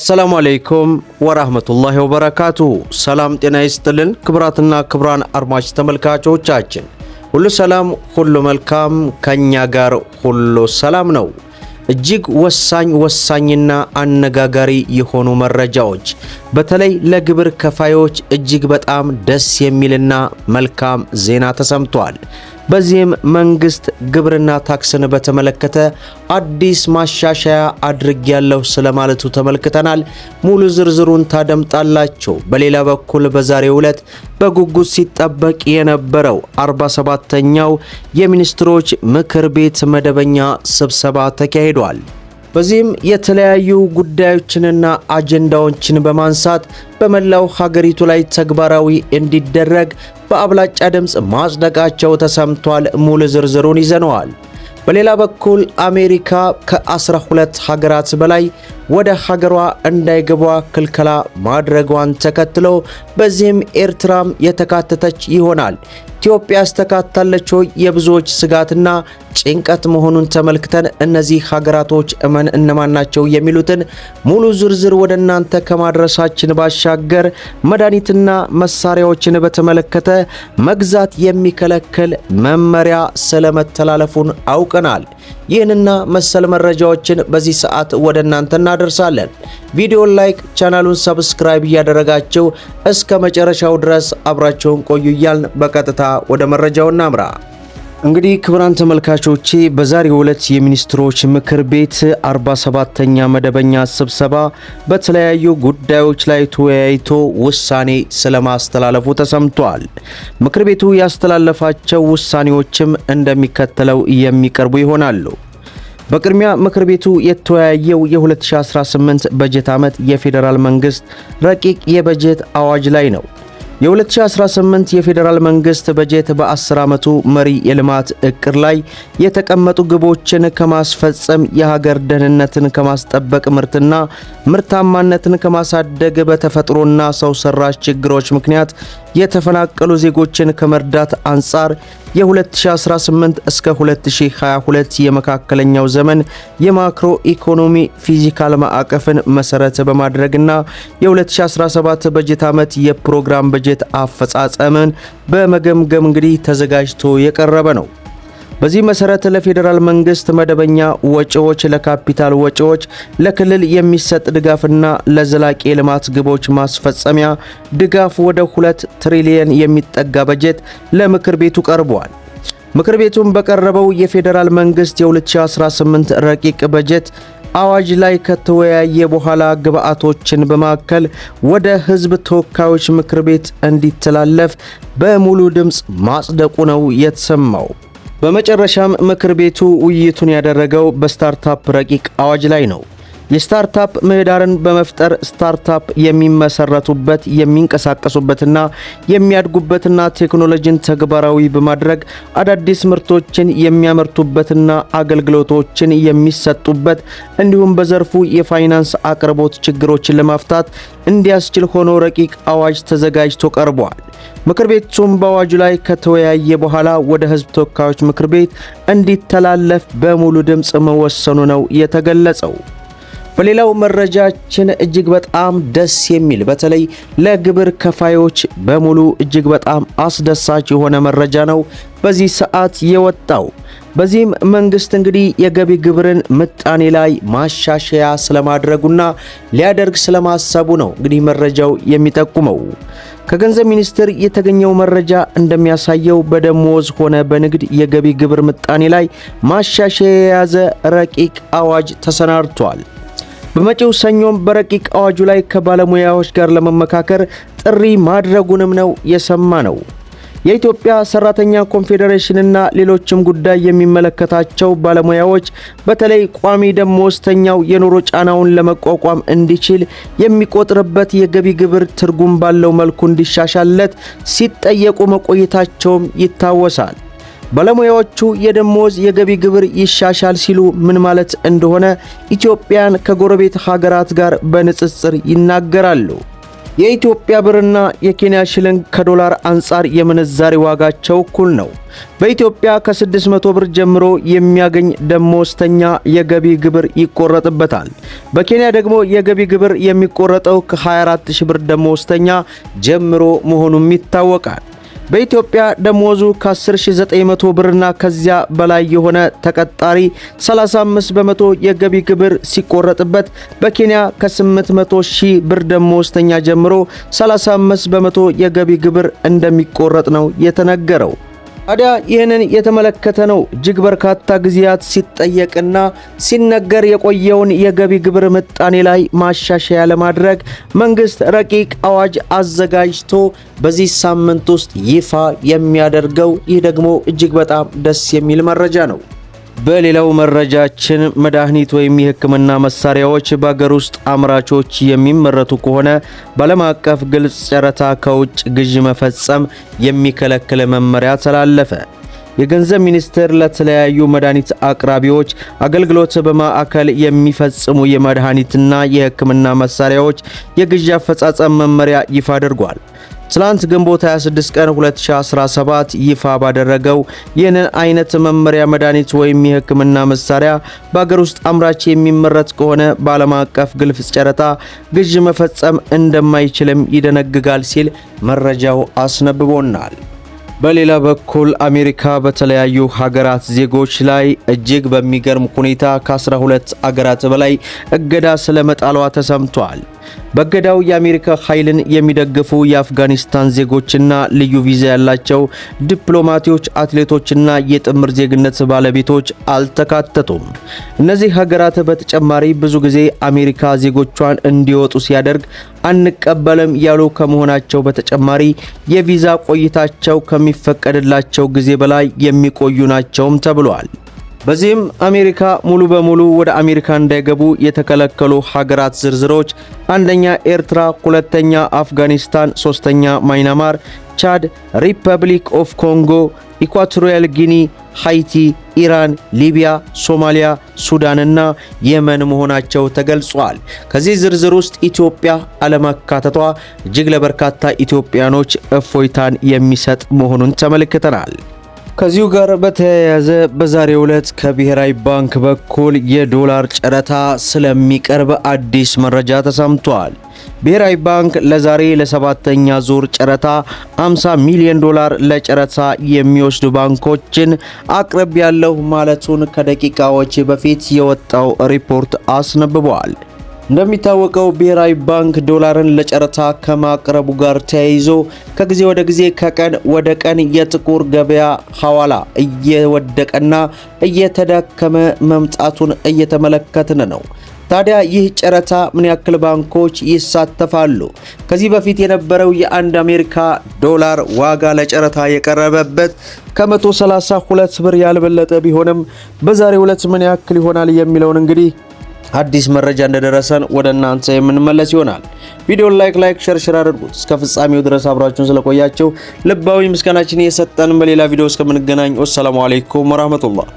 አሰላሙ አለይኩም ወራህመቱላሂ ወበረካቱ። ሰላም ጤና ይስጥልን። ክብራትና ክብራን አድማጭ ተመልካቾቻችን ሁሉ ሰላም፣ ሁሉ መልካም፣ ከኛ ጋር ሁሉ ሰላም ነው። እጅግ ወሳኝ ወሳኝና አነጋጋሪ የሆኑ መረጃዎች በተለይ ለግብር ከፋዮች እጅግ በጣም ደስ የሚልና መልካም ዜና ተሰምቷል። በዚህም መንግስት ግብርና ታክስን በተመለከተ አዲስ ማሻሻያ አድርጌያለሁ ስለማለቱ ተመልክተናል። ሙሉ ዝርዝሩን ታደምጣላቸው። በሌላ በኩል በዛሬው ዕለት በጉጉት ሲጠበቅ የነበረው 47ኛው የሚኒስትሮች ምክር ቤት መደበኛ ስብሰባ ተካሂዷል። በዚህም የተለያዩ ጉዳዮችንና አጀንዳዎችን በማንሳት በመላው ሀገሪቱ ላይ ተግባራዊ እንዲደረግ በአብላጫ ድምፅ ማጽደቃቸው ተሰምቷል። ሙሉ ዝርዝሩን ይዘነዋል። በሌላ በኩል አሜሪካ ከ12 ሀገራት በላይ ወደ ሀገሯ እንዳይገቧ ክልከላ ማድረጓን ተከትሎ በዚህም ኤርትራም የተካተተች ይሆናል። ኢትዮጵያ ስተካታለችው የብዙዎች ስጋትና ጭንቀት መሆኑን ተመልክተን እነዚህ ሀገራቶች እመን እነማን ናቸው የሚሉትን ሙሉ ዝርዝር ወደ እናንተ ከማድረሳችን ባሻገር መድኃኒትና መሳሪያዎችን በተመለከተ መግዛት የሚከለክል መመሪያ ስለመተላለፉን አውቀናል። ይህንና መሰል መረጃዎችን በዚህ ሰዓት ወደ እናንተ እናደርሳለን። ቪዲዮን ላይክ፣ ቻናሉን ሰብስክራይብ እያደረጋችሁ እስከ መጨረሻው ድረስ አብራቸውን ቆዩ እያልን በቀጥታ ወደ መረጃው እናምራ። እንግዲህ ክቡራን ተመልካቾቼ በዛሬው ዕለት የሚኒስትሮች ምክር ቤት 47ተኛ መደበኛ ስብሰባ በተለያዩ ጉዳዮች ላይ ተወያይቶ ውሳኔ ስለማስተላለፉ ተሰምቷል። ምክር ቤቱ ያስተላለፋቸው ውሳኔዎችም እንደሚከተለው የሚቀርቡ ይሆናሉ። በቅድሚያ ምክር ቤቱ የተወያየው የ2018 በጀት ዓመት የፌዴራል መንግስት ረቂቅ የበጀት አዋጅ ላይ ነው። የ2018 የፌዴራል መንግስት በጀት በ10 ዓመቱ መሪ የልማት እቅድ ላይ የተቀመጡ ግቦችን ከማስፈጸም የሀገር ደህንነትን ከማስጠበቅ፣ ምርትና ምርታማነትን ከማሳደግ፣ በተፈጥሮና ሰው ሰራሽ ችግሮች ምክንያት የተፈናቀሉ ዜጎችን ከመርዳት አንጻር የ2018 እስከ 2022 የመካከለኛው ዘመን የማክሮ ኢኮኖሚ ፊዚካል ማዕቀፍን መሰረት በማድረግና የ2017 በጀት ዓመት የፕሮግራም በጀት አፈጻጸምን በመገምገም እንግዲህ ተዘጋጅቶ የቀረበ ነው። በዚህ መሰረት ለፌዴራል መንግስት መደበኛ ወጪዎች፣ ለካፒታል ወጪዎች፣ ለክልል የሚሰጥ ድጋፍና ለዘላቂ የልማት ግቦች ማስፈጸሚያ ድጋፍ ወደ 2 ትሪሊየን የሚጠጋ በጀት ለምክር ቤቱ ቀርቧል። ምክር ቤቱም በቀረበው የፌዴራል መንግስት የ2018 ረቂቅ በጀት አዋጅ ላይ ከተወያየ በኋላ ግብአቶችን በማከል ወደ ህዝብ ተወካዮች ምክር ቤት እንዲተላለፍ በሙሉ ድምፅ ማጽደቁ ነው የተሰማው። በመጨረሻም ምክር ቤቱ ውይይቱን ያደረገው በስታርታፕ ረቂቅ አዋጅ ላይ ነው። የስታርታፕ ምህዳርን በመፍጠር ስታርታፕ የሚመሰረቱበት የሚንቀሳቀሱበትና የሚያድጉበትና ቴክኖሎጂን ተግባራዊ በማድረግ አዳዲስ ምርቶችን የሚያመርቱበትና አገልግሎቶችን የሚሰጡበት እንዲሁም በዘርፉ የፋይናንስ አቅርቦት ችግሮችን ለማፍታት እንዲያስችል ሆኖ ረቂቅ አዋጅ ተዘጋጅቶ ቀርቧል። ምክር ቤቱም በአዋጁ ላይ ከተወያየ በኋላ ወደ ህዝብ ተወካዮች ምክር ቤት እንዲተላለፍ በሙሉ ድምፅ መወሰኑ ነው የተገለጸው። በሌላው መረጃችን እጅግ በጣም ደስ የሚል በተለይ ለግብር ከፋዮች በሙሉ እጅግ በጣም አስደሳች የሆነ መረጃ ነው በዚህ ሰዓት የወጣው። በዚህም መንግስት እንግዲህ የገቢ ግብርን ምጣኔ ላይ ማሻሻያ ስለማድረጉና ሊያደርግ ስለማሰቡ ነው እንግዲህ መረጃው የሚጠቁመው። ከገንዘብ ሚኒስቴር የተገኘው መረጃ እንደሚያሳየው በደሞዝ ሆነ በንግድ የገቢ ግብር ምጣኔ ላይ ማሻሻያ የያዘ ረቂቅ አዋጅ ተሰናድቷል። በመጪው ሰኞም በረቂቅ አዋጁ ላይ ከባለሙያዎች ጋር ለመመካከር ጥሪ ማድረጉንም ነው የሰማ ነው። የኢትዮጵያ ሰራተኛ ኮንፌዴሬሽንና ሌሎችም ጉዳይ የሚመለከታቸው ባለሙያዎች በተለይ ቋሚ ደመወዝተኛው የኑሮ ጫናውን ለመቋቋም እንዲችል የሚቆጥርበት የገቢ ግብር ትርጉም ባለው መልኩ እንዲሻሻለት ሲጠየቁ መቆየታቸውም ይታወሳል። ባለሙያዎቹ የደሞዝ የገቢ ግብር ይሻሻል ሲሉ ምን ማለት እንደሆነ ኢትዮጵያን ከጎረቤት ሀገራት ጋር በንጽጽር ይናገራሉ። የኢትዮጵያ ብርና የኬንያ ሽልንግ ከዶላር አንጻር የምንዛሬ ዋጋቸው እኩል ነው። በኢትዮጵያ ከ600 ብር ጀምሮ የሚያገኝ ደሞዝተኛ የገቢ ግብር ይቆረጥበታል። በኬንያ ደግሞ የገቢ ግብር የሚቆረጠው ከ24000 ብር ደሞዝተኛ ጀምሮ መሆኑም ይታወቃል። በኢትዮጵያ ደሞዙ ከ10900 ብርና ከዚያ በላይ የሆነ ተቀጣሪ 35 በመቶ የገቢ ግብር ሲቆረጥበት በኬንያ ከ800 ሺህ ብር ደሞዝተኛ ጀምሮ 35 በመቶ የገቢ ግብር እንደሚቆረጥ ነው የተነገረው። ታዲያ ይህንን የተመለከተ ነው እጅግ በርካታ ጊዜያት ሲጠየቅና ሲነገር የቆየውን የገቢ ግብር ምጣኔ ላይ ማሻሻያ ለማድረግ መንግስት ረቂቅ አዋጅ አዘጋጅቶ በዚህ ሳምንት ውስጥ ይፋ የሚያደርገው ይህ ደግሞ እጅግ በጣም ደስ የሚል መረጃ ነው። በሌላው መረጃችን መድኃኒት ወይም የሕክምና መሳሪያዎች በአገር ውስጥ አምራቾች የሚመረቱ ከሆነ በዓለም አቀፍ ግልጽ ጨረታ ከውጭ ግዥ መፈጸም የሚከለክል መመሪያ ተላለፈ። የገንዘብ ሚኒስቴር ለተለያዩ መድኃኒት አቅራቢዎች አገልግሎት በማዕከል የሚፈጽሙ የመድኃኒትና የሕክምና መሳሪያዎች የግዢ አፈጻጸም መመሪያ ይፋ አድርጓል። ትላንት ግንቦት 26 ቀን 2017 ይፋ ባደረገው ይህንን አይነት መመሪያ መድኃኒት ወይም የህክምና መሳሪያ በአገር ውስጥ አምራች የሚመረት ከሆነ በዓለም አቀፍ ግልፍ ጨረታ ግዥ መፈጸም እንደማይችልም ይደነግጋል ሲል መረጃው አስነብቦናል። በሌላ በኩል አሜሪካ በተለያዩ ሀገራት ዜጎች ላይ እጅግ በሚገርም ሁኔታ ከ12 አገራት በላይ እገዳ ስለመጣሏ ተሰምቷል። በገዳው የአሜሪካ ኃይልን የሚደግፉ የአፍጋኒስታን ዜጎችና ልዩ ቪዛ ያላቸው ዲፕሎማቶች፣ አትሌቶችና የጥምር ዜግነት ባለቤቶች አልተካተቱም። እነዚህ ሀገራት በተጨማሪ ብዙ ጊዜ አሜሪካ ዜጎቿን እንዲወጡ ሲያደርግ አንቀበልም ያሉ ከመሆናቸው በተጨማሪ የቪዛ ቆይታቸው ከሚፈቀድላቸው ጊዜ በላይ የሚቆዩ ናቸውም ተብሏል። በዚህም አሜሪካ ሙሉ በሙሉ ወደ አሜሪካ እንዳይገቡ የተከለከሉ ሀገራት ዝርዝሮች አንደኛ ኤርትራ፣ ሁለተኛ አፍጋኒስታን፣ ሶስተኛ ማይናማር፣ ቻድ፣ ሪፐብሊክ ኦፍ ኮንጎ፣ ኢኳቶሪያል ጊኒ፣ ሃይቲ፣ ኢራን፣ ሊቢያ፣ ሶማሊያ፣ ሱዳንና የመን መሆናቸው ተገልጿል። ከዚህ ዝርዝር ውስጥ ኢትዮጵያ አለመካተቷ እጅግ ለበርካታ ኢትዮጵያኖች እፎይታን የሚሰጥ መሆኑን ተመልክተናል። ከዚሁ ጋር በተያያዘ በዛሬው ዕለት ከብሔራዊ ባንክ በኩል የዶላር ጨረታ ስለሚቀርብ አዲስ መረጃ ተሰምቷል። ብሔራዊ ባንክ ለዛሬ ለሰባተኛ ዙር ጨረታ 50 ሚሊዮን ዶላር ለጨረታ የሚወስዱ ባንኮችን አቅርብ ያለው ማለቱን ከደቂቃዎች በፊት የወጣው ሪፖርት አስነብቧል። እንደሚታወቀው ብሔራዊ ባንክ ዶላርን ለጨረታ ከማቅረቡ ጋር ተያይዞ ከጊዜ ወደ ጊዜ ከቀን ወደ ቀን የጥቁር ገበያ ሐዋላ እየወደቀና እየተዳከመ መምጣቱን እየተመለከትን ነው። ታዲያ ይህ ጨረታ ምን ያክል ባንኮች ይሳተፋሉ? ከዚህ በፊት የነበረው የአንድ አሜሪካ ዶላር ዋጋ ለጨረታ የቀረበበት ከ132 ብር ያልበለጠ ቢሆንም በዛሬው ዕለት ምን ያክል ይሆናል የሚለውን እንግዲህ አዲስ መረጃ እንደደረሰን ወደ እናንተ የምንመለስ ይሆናል። ቪዲዮን ላይክ ላይክ ሼር ሼር አድርጉት። እስከ ፍጻሜው ድረስ አብራችሁን ስለቆያችሁ ልባዊ ምስጋናችን እየሰጠን በሌላ ቪዲዮ እስከምንገናኝ ወሰላሙ አለይኩም ወራህመቱላህ